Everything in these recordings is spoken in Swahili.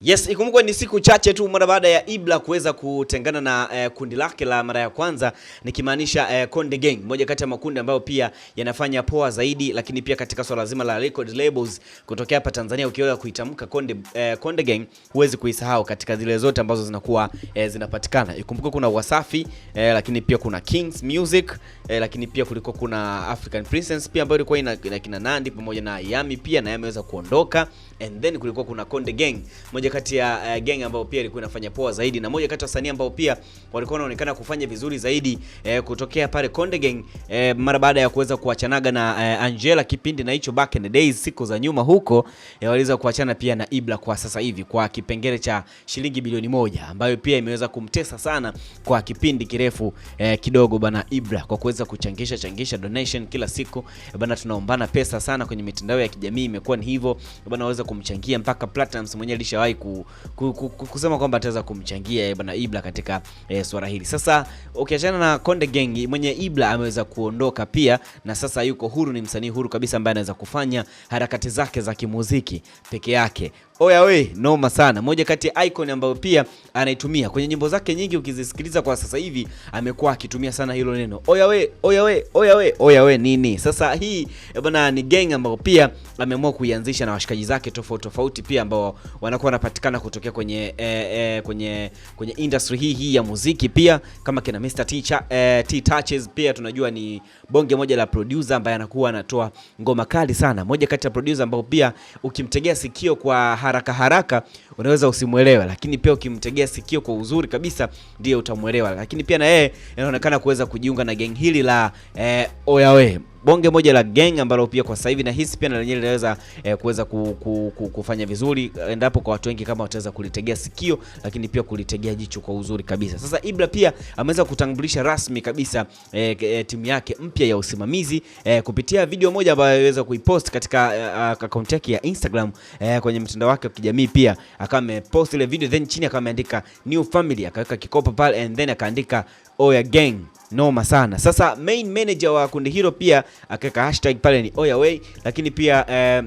Yes, ikumbukwe ni siku chache tu mara baada ya Ibla kuweza kutengana na eh, kundi lake la mara ya kwanza nikimaanisha eh, Konde Gang, moja kati ya makundi ambayo pia yanafanya poa zaidi, lakini pia katika swala zima la record labels kutokea hapa Tanzania, ukiweza kuitamka Konde, eh, Konde Gang huwezi kuisahau katika zile zote ambazo zinakuwa eh, zinapatikana. Ikumbukwe kuna Wasafi eh, lakini pia kuna Kings Music eh, lakini pia kulikuwa kuna African Princess pia ambayo ilikuwa ina, ina kina Nandi pamoja na Yami pia na yameweza kuondoka and then kulikuwa kuna Konde Gang moja kati ya uh, eh, genge ambao pia ilikuwa inafanya poa zaidi na moja kati ya wasanii ambao pia walikuwa wanaonekana kufanya vizuri zaidi uh, kutokea pale Konde Gang uh, mara baada ya kuweza kuachanaga na uh, Angela kipindi na hicho back in the days siku za nyuma huko uh, waliweza kuachana pia na Ibra kwa sasa hivi kwa kipengele cha shilingi bilioni moja ambayo pia imeweza kumtesa sana kwa kipindi kirefu uh, kidogo bana Ibra kwa kuweza kuchangisha changisha donation kila siku bana, tunaombana pesa sana kwenye mitandao ya kijamii, imekuwa ni hivyo bana, waweza kumchangia mpaka Platinum mwenyewe alishawahi ku, ku, ku, ku, kusema kwamba ataweza kumchangia bwana Ibla katika e, swala hili. Sasa ukiachana okay, na Konde Gang mwenye Ibla ameweza kuondoka pia na sasa yuko huru, ni msanii huru kabisa ambaye anaweza kufanya harakati zake za kimuziki peke yake. Oya we, noma sana. Moja kati ya icon ambayo pia anaitumia kwenye nyimbo zake nyingi, ukizisikiliza kwa sasa hivi amekuwa akitumia sana hilo neno oya we, oya we, oya we, oya we nini. Sasa hii bwana ni gang ambayo pia ameamua kuianzisha na washikaji zake tofauti tofauti pia ambao wanakuwa wanapata wanapatikana kutokea kwenye eh, eh, kwenye kwenye industry hii hii ya muziki, pia kama kina Mr. Teacher, eh, T Touches pia tunajua ni bonge moja la producer ambaye anakuwa anatoa ngoma kali sana, moja kati ya producer ambao pia ukimtegea sikio kwa haraka haraka unaweza usimwelewe, lakini pia ukimtegea sikio kwa uzuri kabisa ndiye utamwelewa, lakini pia na yeye inaonekana kuweza kujiunga na gang hili la eh, Oyawe bonge moja la gang ambalo pia kwa sasa hivi hisi pia na lenyewe linaweza eh, kuweza ku, ku, ku, kufanya vizuri eh, endapo kwa watu wengi kama wataweza kulitegea sikio, lakini pia kulitegea jicho kwa uzuri kabisa. Sasa Ibra pia ameweza kutambulisha rasmi kabisa eh, eh, timu yake mpya ya usimamizi eh, kupitia video moja ambayo aliweza kuipost katika eh, akaunti yake ya Instagram eh, kwenye mtandao wake wa kijamii pia akamepost ile video then chini akameandika new family, akaweka kikopo pale and then akaandika Oya Gang. Noma sana. Sasa main manager wa kundi hilo pia akaweka hashtag pale ni Oya Way, lakini pia eh,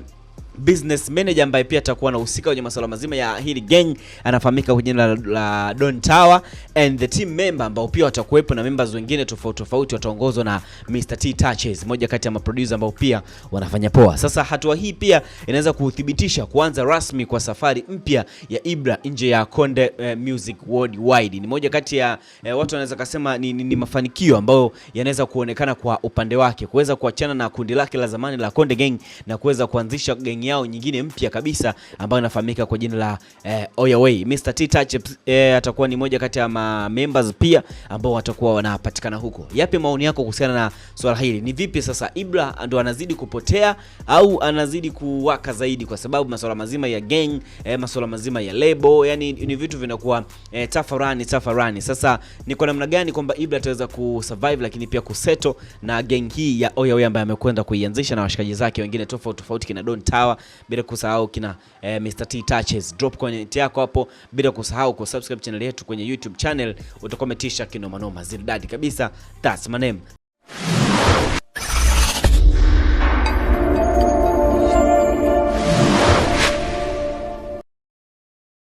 business manager ambaye pia atakuwa anahusika kwenye masuala mazima ya hili gang, anafahamika kwa jina la, la Don Tower and the team member ambao pia watakuwepo na members wengine tofauti tofauti wataongozwa na Mr T Touches, moja kati ya maproducer ambao pia wanafanya poa. Sasa hatua hii pia inaweza kuthibitisha kuanza rasmi kwa safari mpya ya Ibra nje ya Konde eh, Music Worldwide. Ni moja kati ya eh, watu wanaweza kusema ni, ni, ni mafanikio ambayo yanaweza kuonekana kwa upande wake kuweza kuachana na kundi lake la zamani la Konde Gang na kuweza kuanzisha gang opening yao nyingine mpya kabisa ambayo inafahamika kwa jina la eh, Oya Way. Mr T Touch eh, atakuwa ni moja kati ya ma members pia ambao watakuwa wanapatikana huko. Yapi maoni yako kuhusiana na swala hili? Ni vipi sasa Ibra ndo anazidi kupotea au anazidi kuwaka zaidi, kwa sababu masuala mazima ya gang eh, masuala mazima ya lebo, yani ni vitu vinakuwa eh, tafarani tafarani. Sasa ni kwa namna gani kwamba Ibra ataweza kusurvive lakini pia kuseto na gang hii ya Oya Way ambayo amekwenda kuianzisha na washikaji zake wengine tofauti tofauti kina Don Tower sawa, bila kusahau kina eh, Mr T Touches. Drop comment yako hapo, bila kusahau kusubscribe channel yetu kwenye YouTube channel, utakometisha kinoma noma zildadi kabisa. That's my name.